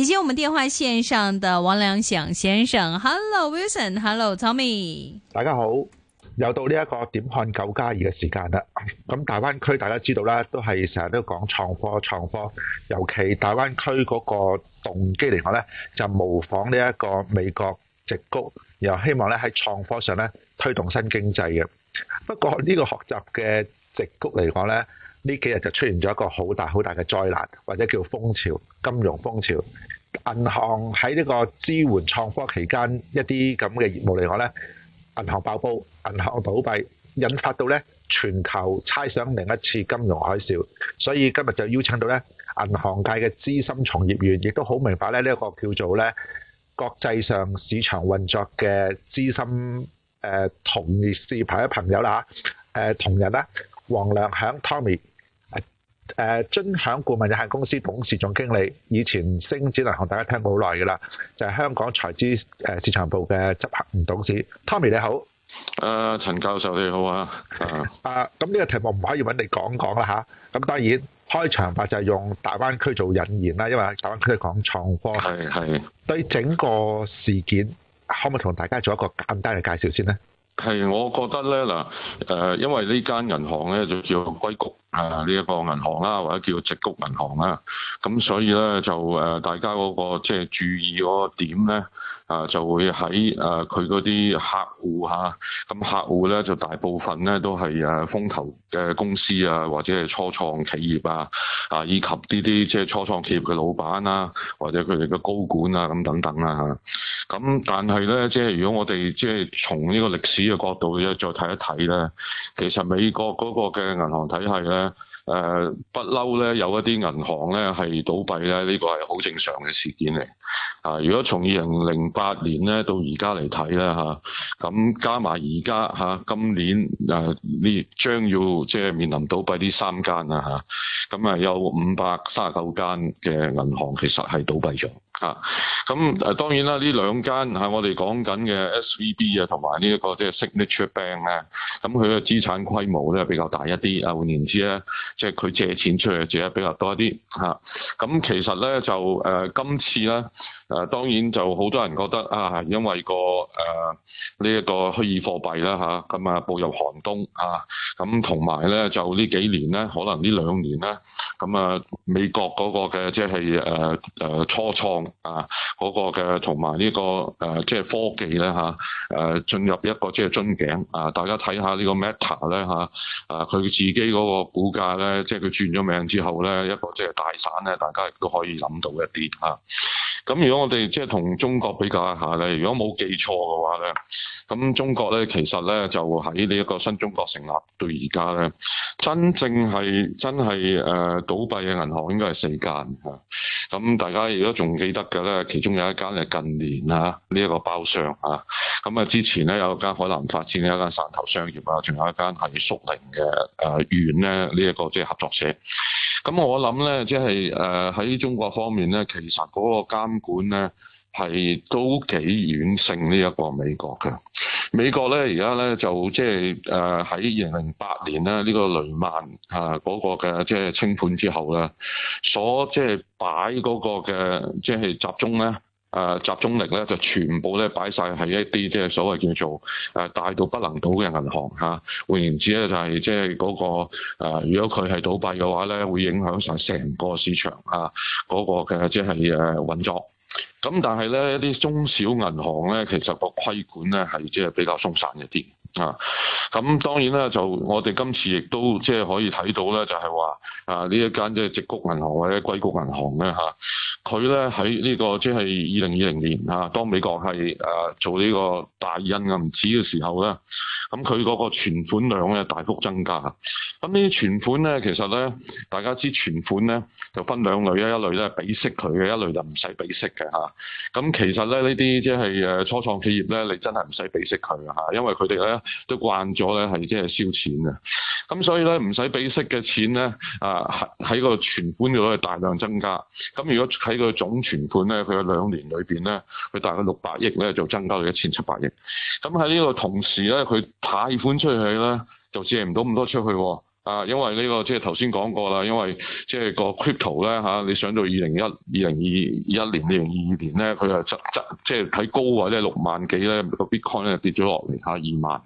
以及我們電話線上的王良享先生，Hello Wilson，Hello Tommy，大家好，又到呢一個點看九加二嘅時間啦。咁大灣區大家知道啦，都係成日都講創科，創科，尤其大灣區嗰個動機嚟講咧，就模仿呢一個美國硅谷，又希望咧喺創科上咧推動新經濟嘅。不過呢個學習嘅硅谷嚟講咧。呢幾日就出現咗一個好大好大嘅災難，或者叫風潮、金融風潮。銀行喺呢個支援創科期間，一啲咁嘅業務嚟講咧，銀行爆煲、銀行倒閉，引發到咧全球猜想另一次金融海嘯。所以今日就邀請到咧銀行界嘅資深從業員，亦都好明白咧呢一、這個叫做咧國際上市場運作嘅資深誒、呃、同業視牌嘅朋友啦嚇、呃。同日啦，王良享 Tommy。誒臻享顧問有限公司董事總經理，以前星展銀行大家聽好耐嘅啦，就係、是、香港財資誒市場部嘅執行董事 Tommy 你好，誒、呃、陳教授你好啊，啊，咁、這、呢個題目唔可以揾你講講啦嚇，咁、啊、當然開場白就用大灣區做引言啦，因為大灣區都講創科，係係對整個事件可唔可以同大家做一個簡單嘅介紹先呢？係，我覺得咧嗱，誒、呃，因為呢間銀行咧就叫硅谷啊呢一個銀行啦，或者叫直谷銀行啦，咁所以咧就誒、呃，大家嗰、那個即係、就是、注意嗰個點咧。啊，就會喺誒佢嗰啲客戶嚇，咁客戶咧就大部分咧都係誒風投嘅公司啊，或者係初創企業啊，啊以及呢啲即係初創企業嘅老闆啊，或者佢哋嘅高管啊咁等等啊，咁但係咧，即係如果我哋即係從呢個歷史嘅角度咧，再睇一睇咧，其實美國嗰個嘅銀行體系咧。誒不嬲咧，呃、有一啲銀行咧係倒閉咧，呢個係好正常嘅事件嚟。啊，如果從二零零八年咧到而家嚟睇咧嚇，咁、啊、加埋而家嚇今年誒呢、啊、將要即係、就是、面臨倒閉呢三間啊嚇，咁、啊、誒有五百三十九間嘅銀行其實係倒閉咗。啊，咁誒當然啦，呢兩間係我哋講緊嘅 SVB 啊，同埋、啊、呢一個即係 Signature Bank 咧，咁佢嘅資產規模咧比較大一啲。啊，換言之咧，即係佢借錢出嚟借得比較多一啲。嚇、啊，咁、啊、其實咧就誒、呃、今次咧。誒、啊、當然就好多人覺得啊，因為個誒呢一個虛擬貨幣啦嚇，咁啊步入寒冬啊。咁同埋咧就呢幾年咧，可能呢兩年咧，咁啊美國嗰個嘅、啊啊這個啊、即係誒誒初創啊嗰個嘅，同埋呢個誒即係科技咧嚇誒進入一個即係樽頸啊。大家睇下呢個 Meta 咧、啊、嚇，啊佢自己嗰個股價咧，即係佢轉咗名之後咧，一個即係大散咧，大家亦都可以諗到一啲啊。咁如果我哋即係同中國比較一下咧，如果冇記錯嘅話咧，咁中國咧其實咧就喺呢一個新中國成立到而家咧，真正係真係誒、呃、倒閉嘅銀行應該係四間吓，咁、啊、大家如果仲記得嘅咧，其中有一間係近年啦，呢、啊、一、這個包商嚇。咁啊，啊之前咧有一間海南發展嘅一間汕頭商業啊，仲有一間係蘇寧嘅誒縣咧呢一個即係、就是、合作社。咁、啊、我諗咧即係誒喺中國方面咧，其實嗰個間金管咧係都幾遠勝呢一個美國嘅，美國咧而家咧就即係誒喺二零零八年咧呢、這個雷曼啊嗰、呃那個嘅即係清盤之後咧，所即係擺嗰個嘅即係集中咧。誒、uh, 集中力咧就全部咧擺晒喺一啲即係所謂叫做誒、呃、大到不能倒嘅銀行嚇、啊。換言之咧就係即係嗰個、呃、如果佢係倒閉嘅話咧，會影響晒成個市場啊嗰、嗰個嘅即係誒、啊、運作。咁但係咧一啲中小銀行咧，其實個規管咧係即係比較鬆散一啲。 啊，咁當然啦，就我哋今次亦都即係可以睇到咧，就係話啊呢一間即係直谷銀行或者硅谷銀行咧嚇，佢咧喺呢個即係二零二零年啊，當美國係誒做呢個大印銀紙嘅時候咧，咁佢嗰個存款量咧大幅增加，咁、啊、呢啲存款咧其實咧，大家知存款咧就分兩類啊，一類咧比息佢嘅，一類就唔使比息嘅嚇。咁、啊啊、其實咧呢啲即係誒初創企業咧，你真係唔使比息佢嚇、啊，因為佢哋咧。都慣咗咧，係即係燒錢㗎！咁所以咧，唔使俾息嘅錢咧，啊喺個存款嗰度大量增加。咁如果喺個總存款咧，佢有兩年裏邊咧，佢大概六百億咧，就增加到一千七百億。咁喺呢個同時咧，佢貸款出去咧，就借唔到咁多出去喎、啊。啊，因為呢個即係頭先講過啦，因為即係個 crypto 咧嚇，你上到二零一、二零二一年、二零二二年咧，佢係即即係睇高位咧六萬幾咧，個 bitcoin 咧跌咗落嚟嚇，二萬，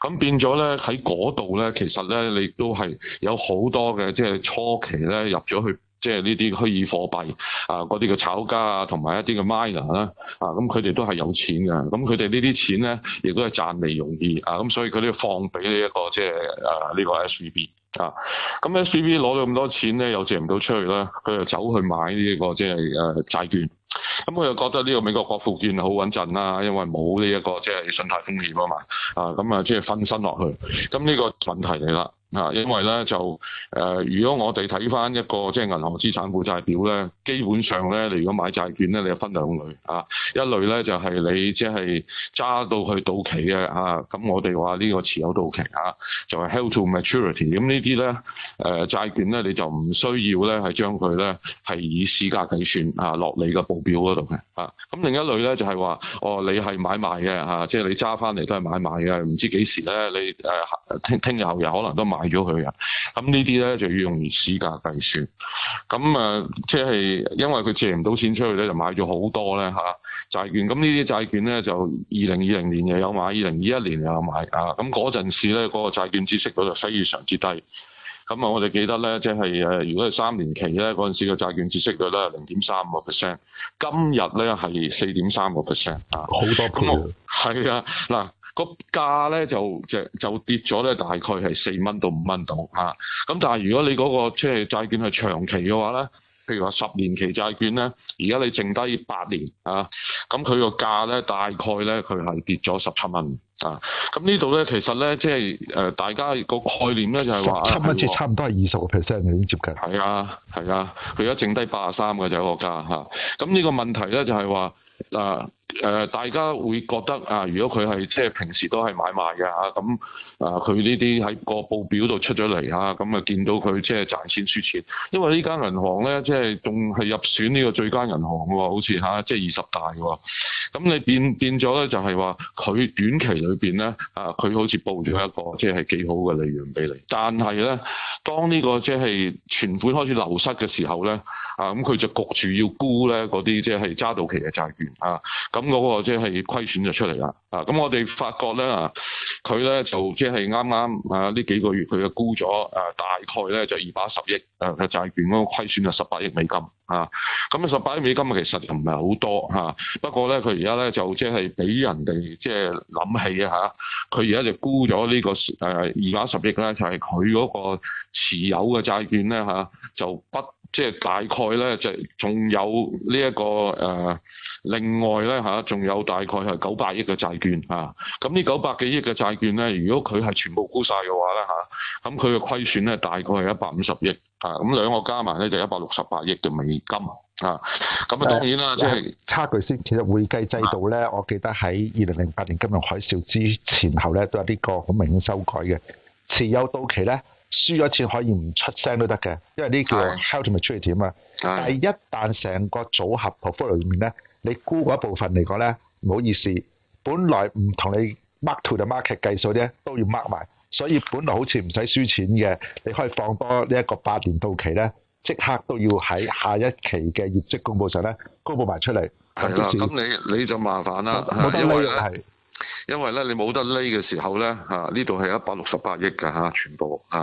咁變咗咧喺嗰度咧，其實咧你都係有好多嘅，即係初期咧入咗去。即係呢啲虛擬貨幣啊，嗰啲嘅炒家啊，同埋一啲嘅 miner 啦，啊，咁佢哋都係有錢嘅。咁佢哋呢啲錢咧，亦都係賺嚟容易啊，咁所以佢哋放俾呢一個即係啊呢、呢個 SVB 啊，咁 SVB 攞咗咁多錢咧，又借唔到出去啦，佢就走去買呢、呢、一個即係誒債券，咁佢又覺得呢個美國國庫券好穩陣啦，因為冇呢一個即係、就是、信貸風險啊嘛，啊，咁啊即係分身落去，咁呢個問題嚟啦。啊，因為咧就誒，如果我哋睇翻一個即係銀行資產負債表咧，基本上咧，你如果買債券咧，你就分兩類啊。一類咧就係你即係揸到去到期嘅嚇，咁我哋話呢個持有到期啊，期就係 held to maturity。咁呢啲咧誒債券咧，你就唔需要咧係將佢咧係以市價計算啊落你嘅報表嗰度嘅啊。咁另一類咧就係話，哦，你係買賣嘅嚇，即係你揸翻嚟都係買賣嘅，唔、就是、知幾時咧你誒聽聽日後又可能都買。買咗佢啊！咁呢啲咧就要用市價計算。咁誒，即係因為佢借唔到錢出去咧，就買咗好多咧嚇債券。咁呢啲債券咧，就二零二零年又有買，二零二一年又有買啊！咁嗰陣時咧，嗰個債券孳息率就非常之低。咁啊，我哋記得咧，即係誒，如果係三年期咧，嗰陣時個債券孳息率咧零點三個 percent，今日咧係四點三個 percent 啊，好多倍係啊，嗱。個價咧就就就跌咗咧，大概係四蚊到五蚊到嚇。咁、啊、但係如果你嗰、那個即係、就是、債券係長期嘅話咧，譬如話十年期債券咧，而家你剩低八年嚇，咁佢個價咧大概咧佢係跌咗十七蚊啊。咁呢度咧其實咧即係誒大家個概念咧就係話七蚊差唔多係二十個 percent 已經接近。係啊係啊，佢、啊啊、而家剩低八十三嘅就個價嚇。咁、啊、呢個問題咧就係話。啊，誒、呃呃，大家會覺得啊，如果佢係即係平時都係買賣嘅嚇，咁啊，佢呢啲喺個報表度出咗嚟嚇，咁啊，啊見到佢即係賺錢輸錢，因為呢、就是、是間銀行呢間銀行咧，即係仲係入選呢個最佳銀行喎，好似嚇，即係二十大嘅喎，咁、啊、你變變咗咧，就係話佢短期裏邊咧啊，佢好似報咗一個即係幾好嘅利潤俾你，但係咧，當呢個即係存款開始流失嘅時候咧。嗯、啊，咁佢就焗住要沽咧，嗰啲即係揸到期嘅債券啊，咁嗰個即係虧損就出嚟啦。啊，咁我哋發覺咧，佢咧就即係啱啱啊呢幾個月佢就沽咗啊大概咧就二百一十億啊嘅債券，嗰個虧損就十八億美金啊。咁啊十八億美金啊其實就唔係好多嚇、啊，不過咧佢而家咧就即係俾人哋即係諗起啊，佢而家就沽咗、這個啊、呢個誒二百一十億咧，就係佢嗰個持有嘅債券咧嚇、啊、就不。即係大概咧，就仲有呢、這、一個誒、呃，另外咧嚇，仲有大概係九百億嘅債券啊。咁呢九百幾億嘅債券咧，如果佢係全部沽晒嘅話咧嚇，咁佢嘅虧損咧大概係一百五十億啊。咁兩個加埋咧就一百六十八億嘅美金啊。咁啊、就是，當然啦，即、呃、係差距先。其實會計制度咧，啊、我記得喺二零零八年金融海嘯之前後咧都有啲個好明顯修改嘅，持有到期咧。輸咗錢可以唔出聲都得嘅，因為呢個 held to maturity 嘛。但係一旦成個組合 portfolio 裏面咧，你估嗰一部分嚟講咧，唔好意思，本來唔同你 mark to market 計數啫，都要 mark 埋。所以本來好似唔使輸錢嘅，你可以放多呢一個八年到期咧，即刻都要喺下一期嘅業績公佈上咧，公布埋出嚟。咁的你你就麻煩啦，因為因為咧，你冇得 l 嘅時候咧，嚇呢度係一百六十八億㗎嚇，全部嚇。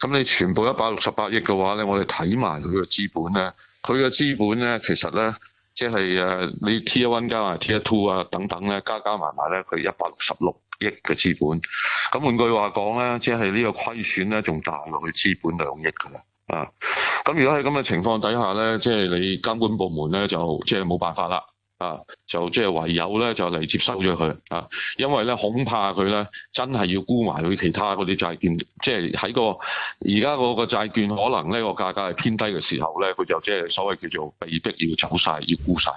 咁、啊、你全部一百六十八億嘅話咧，我哋睇埋佢嘅資本咧，佢嘅資本咧，其實咧，即係誒你 T One 加埋 T Two 啊等等咧，加加埋埋咧，佢一百六十六億嘅資本。咁換句話講咧，即係呢個虧損咧，仲大過佢資本兩億㗎嘛。啊，咁如果喺咁嘅情況底下咧，即係你監管部門咧就即係冇辦法啦。啊，就即係唯有咧，就嚟接收咗佢啊！因為咧，恐怕佢咧真係要沽埋佢其他嗰啲債券，即係喺個而家嗰個債券可能呢個價格係偏低嘅時候咧，佢就即係所謂叫做被逼要走晒，要沽晒。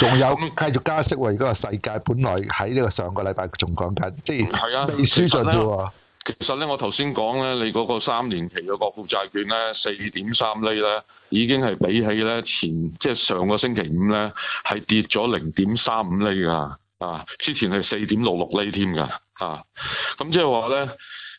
仲有繼、嗯、續加息喎！而家個世界本來喺呢個上個禮拜仲講緊，即係係啊，未輸盡嘅喎。其實咧，我頭先講咧，你嗰個三年期嘅國庫債券咧，四點三厘咧，已經係比起咧前，即係上個星期五咧，係跌咗零點三五厘㗎，啊！之前係四點六六厘添㗎，啊！咁即係話咧，誒、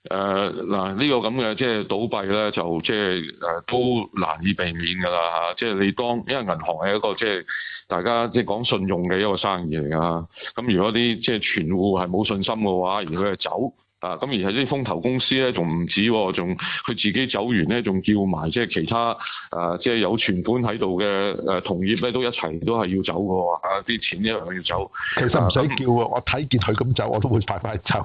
呃、嗱、這個、呢個咁嘅即係倒閉咧，就即係誒都難以避免㗎啦，即、啊、係、就是、你當，因為銀行係一個即、就、係、是、大家即係講信用嘅一個生意嚟㗎，咁如果啲即係存戶係冇信心嘅話，而佢係走。啊，咁而係啲風投公司咧，仲唔止喎，仲佢自己走完咧，仲叫埋即係其他啊，即係有存款喺度嘅誒同業咧，都一齊都係要走嘅喎，啊啲錢一樣要走。其實唔使叫喎，我睇見佢咁走，那我都會快快走。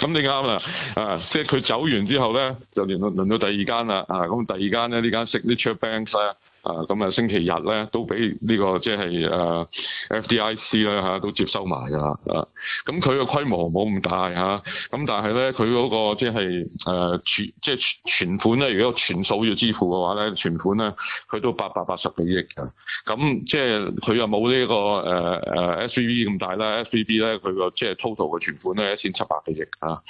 咁你啱啦，啊，即係佢走完之後咧，就輪到輪到第二間啦，啊，咁第二間咧呢間識啲 Signature Bank、啊啊，咁啊、嗯、星期日咧都俾呢、呢個即係誒、呃、F D I C 咧、啊、嚇都接收埋㗎啦，啊，咁佢個規模冇咁大嚇，咁、啊、但係咧佢嗰個即係誒存即係存款咧，如、呃、果全，全，全數要支付嘅話咧，存款咧佢都八百八十幾億㗎，咁即係佢又冇呢個誒誒 S V B 咁大啦，S V B 咧佢個即係 total 嘅存款咧一千七百幾億啊。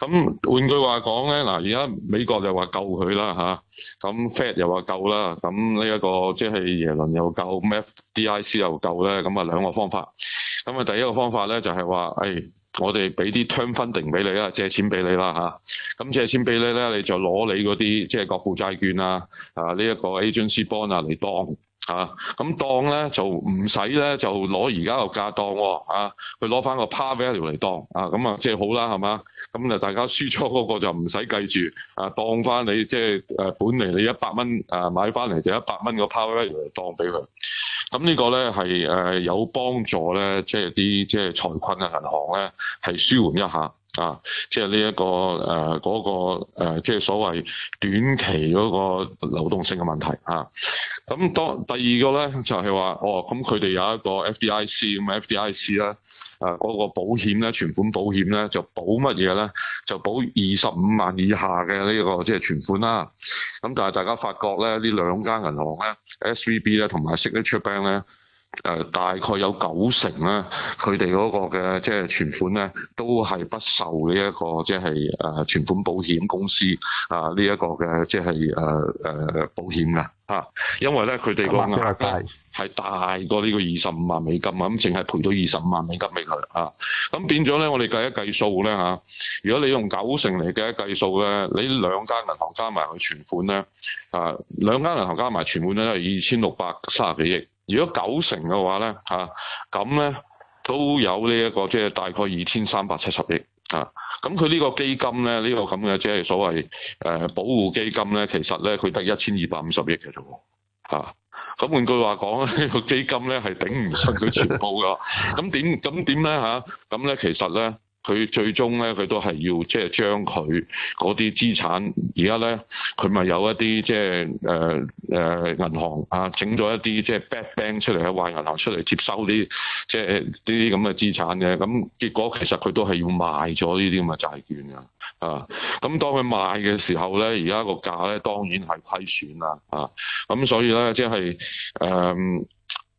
咁換句話講咧，嗱而家美國就話救佢啦嚇，咁 Fed 又話救啦，咁呢一個即係耶倫又救，咁 F D I C 又救咧，咁啊兩個方法。咁啊第一個方法咧就係、是、話，誒、哎、我哋俾啲 term funding 俾你啊，借錢俾你啦嚇。咁、啊、借錢俾你咧，你就攞你嗰啲即係國庫債券啊，啊呢一個 agency bond 啊嚟當。啊，咁當咧就唔使咧就攞而家個價當喎，啊，啊，去攞翻個 par value 嚟當啊，啊，咁啊即係好啦，係嘛？咁啊大家輸出嗰個就唔使計住，啊，當翻你即係誒本嚟你一百蚊誒買翻嚟就一百蚊個 par value 嚟當俾佢，咁呢個咧係誒有幫助咧，即係啲即係財困嘅銀行咧係舒緩一下。啊，即係呢一個誒嗰、呃那個、呃、即係所謂短期嗰個流動性嘅問題啊。咁當第二個咧就係、是、話，哦，咁佢哋有一個 F.D.I.C. 咁 F.D.I.C. 咧，誒、啊、嗰、那個保險咧，存款保險咧就保乜嘢咧？就保二十五萬以下嘅呢、這個即係、就是、存款啦。咁但係大家發覺咧，呢兩間銀行咧，S.V.B. 咧同埋 Signature Bank 咧。誒、呃、大概有九成咧，佢哋嗰個嘅即係存款咧，都係不受呢、這、一個即係誒存款保險公司啊呢一個嘅即係誒誒保險㗎嚇，因為咧佢哋講啊係大過呢個二十五萬美金咁，淨係賠到二十五萬美金俾佢啊。咁變咗咧，我哋計一計數咧嚇，如果你用九成嚟計一計數咧，你兩間銀行加埋佢存款咧啊，兩間銀行加埋存款咧都係二千六百卅幾億。如果九成嘅話咧，嚇咁咧都有呢、這、一個即係大概二千三百七十億，嚇咁佢呢個基金咧呢、這個咁嘅即係所謂誒、呃、保護基金咧，其實咧佢得一千二百五十億嘅啫喎，咁、啊啊、換句話講咧，呢個基金咧係頂唔順佢全部㗎，咁點咁點咧嚇咁咧其實咧。佢最終咧，佢都係要即係將佢嗰啲資產，而家咧佢咪有一啲即係誒誒銀行啊，整咗一啲即係 bad bank 出嚟嘅壞銀行出嚟接收啲即係啲咁嘅資產嘅，咁、嗯、結果其實佢都係要賣咗呢啲咁嘅債券㗎啊！咁、嗯、當佢賣嘅時候咧，而家個價咧當然係虧損啦啊！咁、嗯、所以咧，即係誒。嗯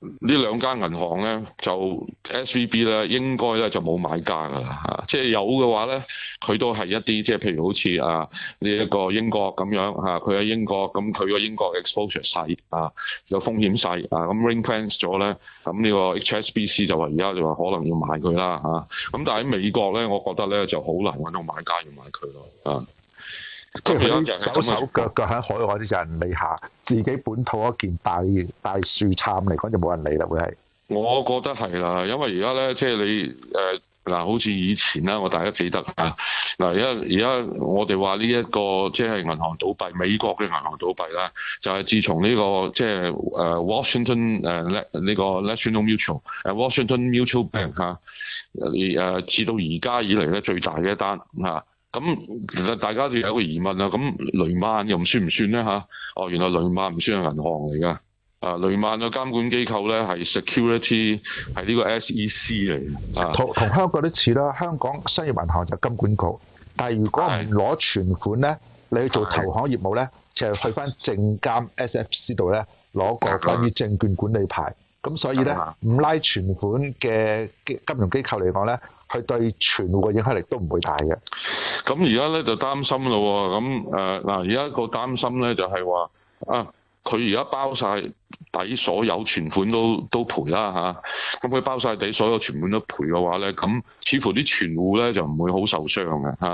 呢兩間銀行咧就 S V B 咧應該咧就冇買家㗎啦嚇，即係有嘅話咧，佢都係一啲即係譬如好似啊呢一個英國咁樣嚇，佢喺英國咁佢個英國 exposure 細啊，有風險細啊，咁 ring fence 咗咧，咁、這、呢個 HSBC 就話而家就話可能要買佢啦嚇，咁但係喺美國咧，我覺得咧就好難揾到買家要買佢咯啊，就即係佢手手腳腳喺海外啲人未下。自己本土一件大大樹杉嚟講就冇人理啦，會係。我覺得係啦，因為而家咧，即、就、係、是、你誒嗱、呃，好似以前啦，我大家記得啊。嗱、呃，而家而家我哋話呢一個即係、就是、銀行倒閉，美國嘅銀行倒閉啦，就係、是、自從呢、這個即係誒 Washington 誒、呃、呢、這個 National Mutual 誒、呃、Washington Mutual Bank 嚇、呃，誒、呃、至到而家以嚟咧最大嘅一單嚇。呃咁其實大家都有個疑問啊，咁雷曼又唔算唔算咧嚇？哦，原來雷曼唔算係銀行嚟噶，啊，雷曼嘅監管機構咧係 security 係呢個 SEC 嚟嘅，同同香港啲似啦，香港商業銀行就金管局，但係如果唔攞存款咧，是你去做投行業務咧，是就係去翻證監 SFC 度咧攞個關於證券管理牌。咁所以咧，唔拉存款嘅金融機構嚟講咧，佢對存戶嘅影響力都唔會大嘅。咁而家咧就擔心咯，咁誒，嗱，而家個擔心咧就係、是、話啊。佢而家包晒底，所有存款都都賠啦吓，咁、啊、佢包晒底，所有存款都賠嘅話，咧，咁似乎啲存戶咧就唔會好受傷嘅吓，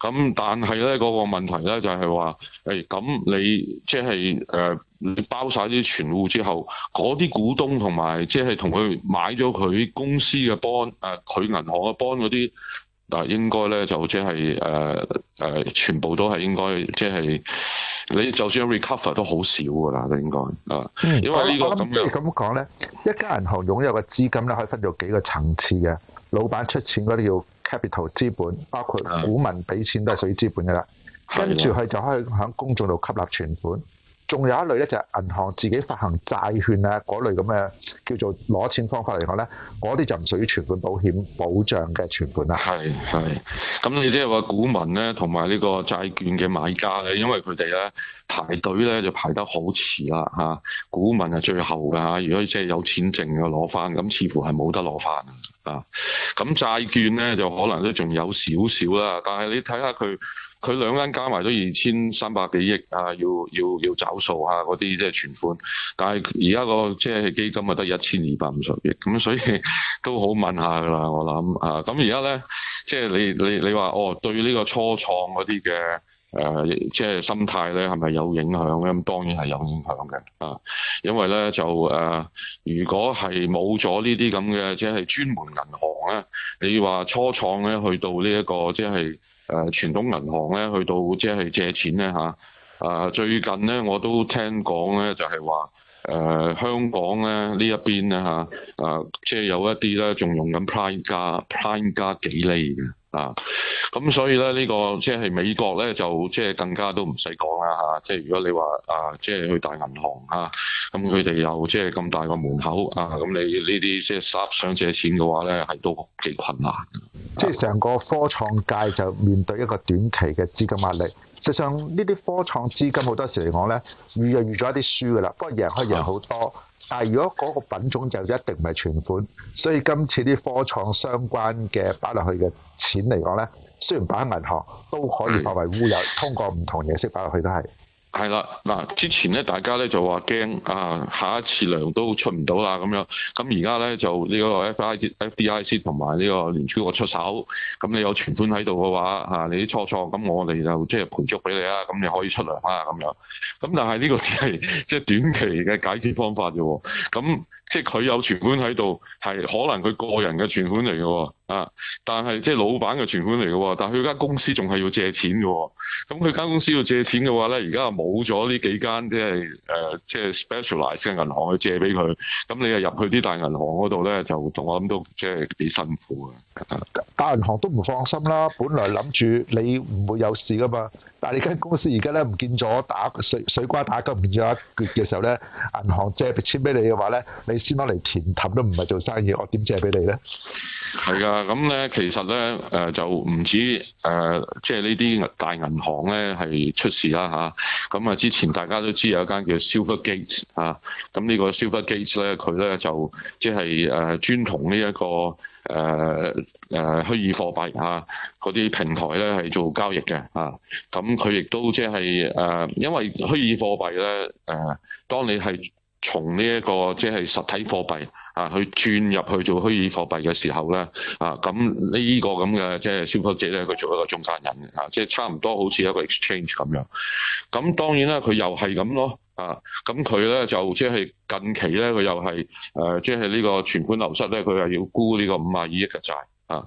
咁、啊、但係咧、嗰個問題咧就係、是、話：誒、欸，咁你即係誒，你包晒啲存戶之後嗰啲股東同埋即係同佢買咗佢公司嘅 Bond 誒，佢銀行嘅 Bond 嗰啲。嗱，應該咧就即係誒誒，全部都係應該、就是，即係你就算 recover 都好少噶啦，應該啊。嗯、因為呢個即係咁講咧，一家銀行擁有嘅資金咧，可以分到幾個層次嘅。老闆出錢嗰啲叫 capital 資本，包括股民俾錢都係屬於資本噶啦。跟住佢就可以喺公眾度吸納存款。仲有一類咧，就係銀行自己發行債券呀，嗰類咁嘅叫做攞錢方法嚟講咧，嗰啲就唔屬於存款保險保障嘅存款啦。係係，咁你即係話股民咧同埋呢個債券嘅買家咧，因為佢哋咧排隊咧就排得好遲啦嚇、啊，股民係最後㗎嚇。如果即係有錢剩嘅攞返，咁似乎係冇得攞返啊。咁債券咧就可能都仲有少少啦，但係你睇下佢。佢兩間加埋咗二千三百幾億啊！要要要找數嚇嗰啲即係存款，但係而家個即係基金啊得一千二百五十億，咁所以都好問下㗎啦，我諗啊！咁而家咧即係你你你話哦對呢個初創嗰啲嘅誒即係心態咧係咪有影響咧？咁當然係有影響嘅啊，因為咧就誒如果係冇咗呢啲咁嘅即係專門銀行咧，你話初創咧去到呢一個即係。誒傳統銀行咧，去到即係借錢咧嚇。誒、啊、最近咧，我都聽講咧，就係話誒香港咧呢一邊咧嚇，誒、啊、即係有一啲咧仲用緊 pr prime 加 prime 加幾厘嘅啊。咁所以咧呢、這個即係美國咧就即係更加都唔使講啦嚇。即係如果你話啊，即係去大銀行嚇，咁佢哋又即係咁大個門口啊，咁你呢啲即係想借錢嘅話咧，係都幾困難。即係成個科創界就面對一個短期嘅資金壓力，實際上，呢啲科創資金好多時嚟講呢，預就預咗一啲輸㗎啦，不過贏可以贏好多。但係如果嗰個品種就一定唔係存款，所以今次啲科創相關嘅擺落去嘅錢嚟講呢，雖然擺喺銀行都可以化為烏有，通過唔同形式擺落去都係。係啦，嗱之前咧，大家咧就話驚啊，下一次糧都出唔到啦咁樣。咁而家咧就呢個 FDIC 同埋呢個聯儲局出手，咁你有存款喺度嘅話，嚇、啊、你啲初創，咁我哋就即係賠足俾你啦，咁你可以出糧啦咁樣。咁但係呢個只係即係短期嘅解決方法啫喎，咁。即係佢有存款喺度，係可能佢個人嘅存款嚟嘅喎啊！但係即係老闆嘅存款嚟嘅喎，但係佢間公司仲係要借錢嘅喎。咁佢間公司要借錢嘅話咧，而家就冇咗呢幾間即係誒、呃、即係 s p e c i a l i s e 嘅銀行去借俾佢。咁你又入去啲大銀行嗰度咧，就我諗都即係幾辛苦嘅。哈哈，大銀行都唔放心啦，本來諗住你唔會有事噶嘛。但係你間公司而家咧唔見咗打水水瓜打咁唔見咗一橛嘅時，時候咧，銀行借錢俾你嘅話咧，你先攞嚟填氹都唔係做生意，我點借俾你咧？係啊，咁、嗯、咧其實咧誒就唔止誒，即係呢啲大銀行咧係出事啦吓，咁啊之前大家都知有一間叫 Silvergate 啊，咁呢個 Silvergate 咧佢咧就即係誒專同呢、這、一個。誒誒虛擬貨幣啊，嗰啲平台咧係做交易嘅啊，咁佢亦都即係誒，因為虛擬貨幣咧誒，當你係從呢一個即係實體貨幣啊去轉入去做虛擬貨幣嘅時候咧啊，咁呢個咁嘅即係消費者咧，佢做一個中間人嘅、啊、即係差唔多好似一個 exchange 咁樣。咁當然啦，佢又係咁咯。啊，咁佢咧就即、是、係近期咧，佢又係誒，即係呢個存款流失咧，佢又要估呢個五廿二億嘅債啊。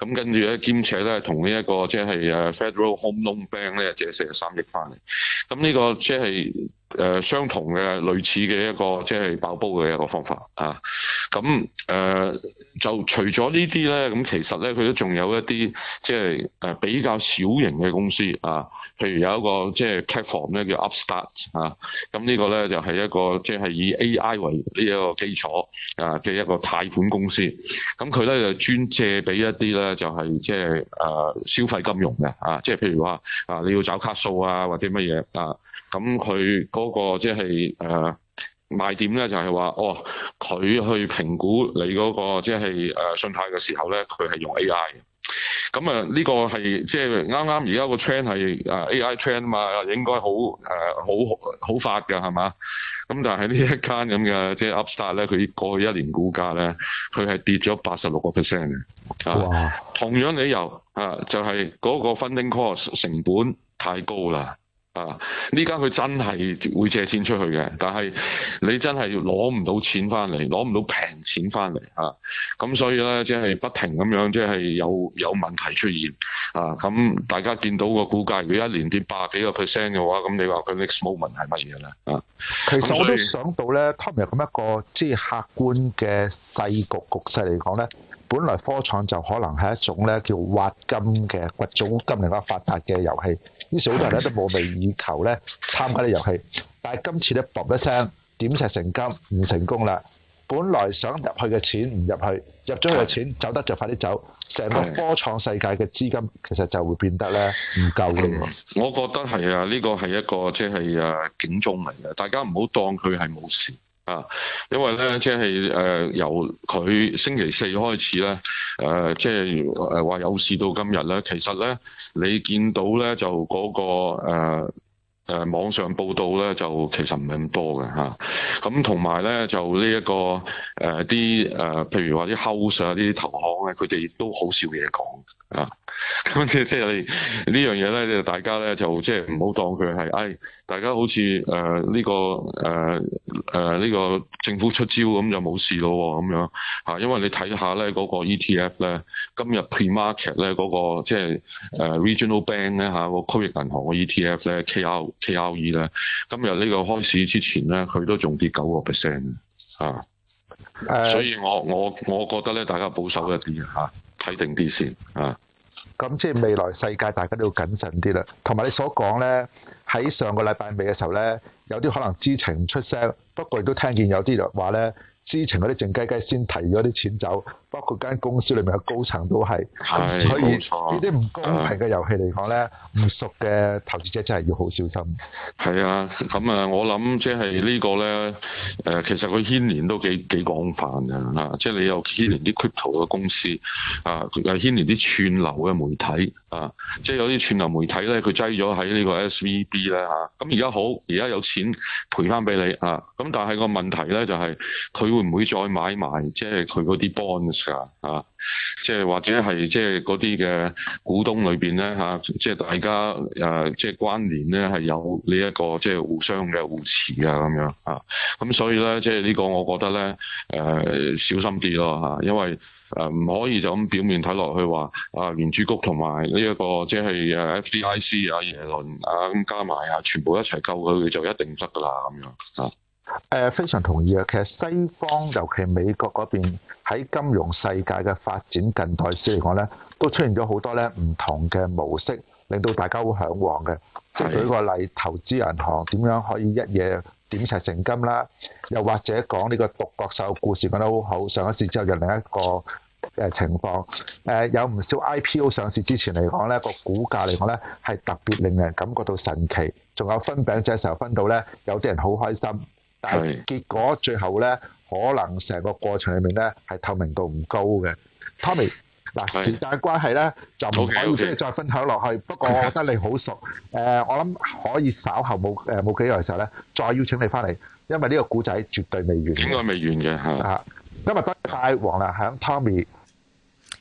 咁跟住咧，兼且咧同、這個就是、呢一、就是嗯這個即係誒 Federal Home Loan Bank 咧借四十三億翻嚟。咁呢個即係。誒、呃，相同嘅類似嘅一個即係爆煲嘅一個方法啊，咁誒、呃、就除咗呢啲咧，咁其實咧佢都仲有一啲即係誒比較小型嘅公司啊，譬如有一個即係 cap 房咧叫 Upstart 啊，咁呢個咧就係、是、一個即係、就是、以 AI 為呢、啊就是、一個基礎啊嘅一個貸款公司，咁佢咧就專借俾一啲咧就係即係誒、啊、消費金融嘅啊，即係譬如話啊你要找卡數啊或者乜嘢啊，咁、啊、佢。嗰個即係誒賣點咧，就係、是、話哦，佢去評估你嗰個即係誒信貸嘅時候咧，佢係用 A.I. 咁啊，呢、嗯呃這個係即係啱啱而家個 train 係誒、呃、A.I. train 啊嘛，應該好誒、呃、好好，好發嘅係嘛？咁、嗯、但係、就是、呢一間咁嘅即係 Upstart 咧，佢過去一年股價咧，佢係跌咗八十六個 percent 嘅。呃、哇！同樣理由啊、呃，就係、是、嗰個 financing cost 成本太高啦。啊！呢間佢真係會借錢出去嘅，但係你真係攞唔到錢翻嚟，攞唔到平錢翻嚟啊！咁、啊、所以咧，即係不停咁樣，即係有有問題出現啊！咁、啊、大家見到個股價，如果一連跌百幾個 percent 嘅話，咁你話佢 next moment 係乜嘢咧？啊，其實我都想到咧，今日咁一個即係客觀嘅勢局局勢嚟講咧，本來科創就可能係一種咧叫挖金嘅掘種金嚟講發達嘅遊戲。啲少數人咧都夢寐以求咧參加啲遊戲，但係今次咧啪一聲點石成金唔成功啦，本來想入去嘅錢唔入去，入咗去嘅錢走得就快啲走，成個波創世界嘅資金其實就會變得咧唔夠嘅喎。我覺得係啊，呢個係一個即係誒警鐘嚟嘅，大家唔好當佢係冇事。啊，因為咧，即係誒，由佢星期四開始咧，誒、呃，即係誒話有事到今日咧，其實咧，你見到咧就嗰、那個誒誒、呃呃、網上報道咧，就其實唔係咁多嘅嚇。咁同埋咧，就呢、這、一個誒啲誒，譬、呃、如話啲 house 啊，啲投行咧，佢哋都好少嘢講。啊，咁即係即係呢樣嘢咧，就大家咧就即係唔好當佢係，哎，大家好似誒呢個誒誒呢個政府出招咁就冇事咯咁樣吓，啊，因為你睇下咧嗰、那個 E T F 咧，今日 Pre Market 咧嗰、那個即係誒、呃、Regional Bank 咧吓，啊那個區域性銀行嘅 E T F 咧 KRE 咧，今日呢個開市之前咧，佢都仲跌九個 percent 啊，uh, 所以我我我覺得咧，大家保守一啲啊。.睇定啲先啊！咁即係未來世界，大家都要謹慎啲啦。同埋你所講咧，喺上個禮拜尾嘅時候咧，有啲可能知情出聲，不過亦都聽見有啲就話咧。之前嗰啲靜雞雞先提咗啲錢走，包括間公司裏面嘅高層都係，係是，所以呢啲唔公平嘅遊戲嚟講咧，唔、啊、熟嘅投資者真係要好小心。係啊，咁、嗯、啊，我諗即係呢個咧，誒、呃、其實佢牽連都幾幾廣泛嘅吓，即、啊、係、就是、你又牽連啲 crypto 嘅公司啊，又牽連啲串流嘅媒體啊，即、就、係、是、有啲串流媒體咧，佢擠咗喺呢個 SVB 啦、啊、吓，咁而家好，而家有錢賠翻俾你啊，咁但係個問題咧就係、是。佢。會唔會再買埋即係佢嗰啲 bonds 㗎、啊？啊，即係或者係即係嗰啲嘅股東裏邊咧嚇，即係大家誒，即係關聯咧係有呢一個即係互相嘅扶持啊咁樣啊，咁、啊、所以咧即係呢個我覺得咧誒、呃、小心啲咯嚇，因為誒唔、呃、可以就咁表面睇落去話啊，聯儲局同埋呢一個即係誒 F.D.I.C 啊，耶倫啊咁加埋啊，全部一齊救佢，佢就一定得㗎啦咁樣嚇。啊啊啊誒非常同意啊！其實西方尤其美國嗰邊喺金融世界嘅發展近代史嚟講咧，都出現咗好多咧唔同嘅模式，令到大家好嚮往嘅。的即係舉個例，投資銀行點樣可以一夜點石成金啦？又或者講呢個獨角獸故事講得好好，上一次之後又有另一個誒情況。誒、呃、有唔少 IPO 上市之前嚟講咧，個股價嚟講咧係特別令人感覺到神奇，仲有分餅嘅時候分到咧，有啲人好開心。但係結果最後咧，可能成個過程裏面咧係透明度唔高嘅。Tommy，嗱時間關係咧的就唔可以即係再分享落去。Okay, okay. 不過我覺得你好熟，誒、呃、我諗可以稍後冇誒冇幾耐時候咧再邀請你翻嚟，因為呢個古仔絕對未完。應該未完嘅嚇。今日拜拜王啦，響、啊、Tommy。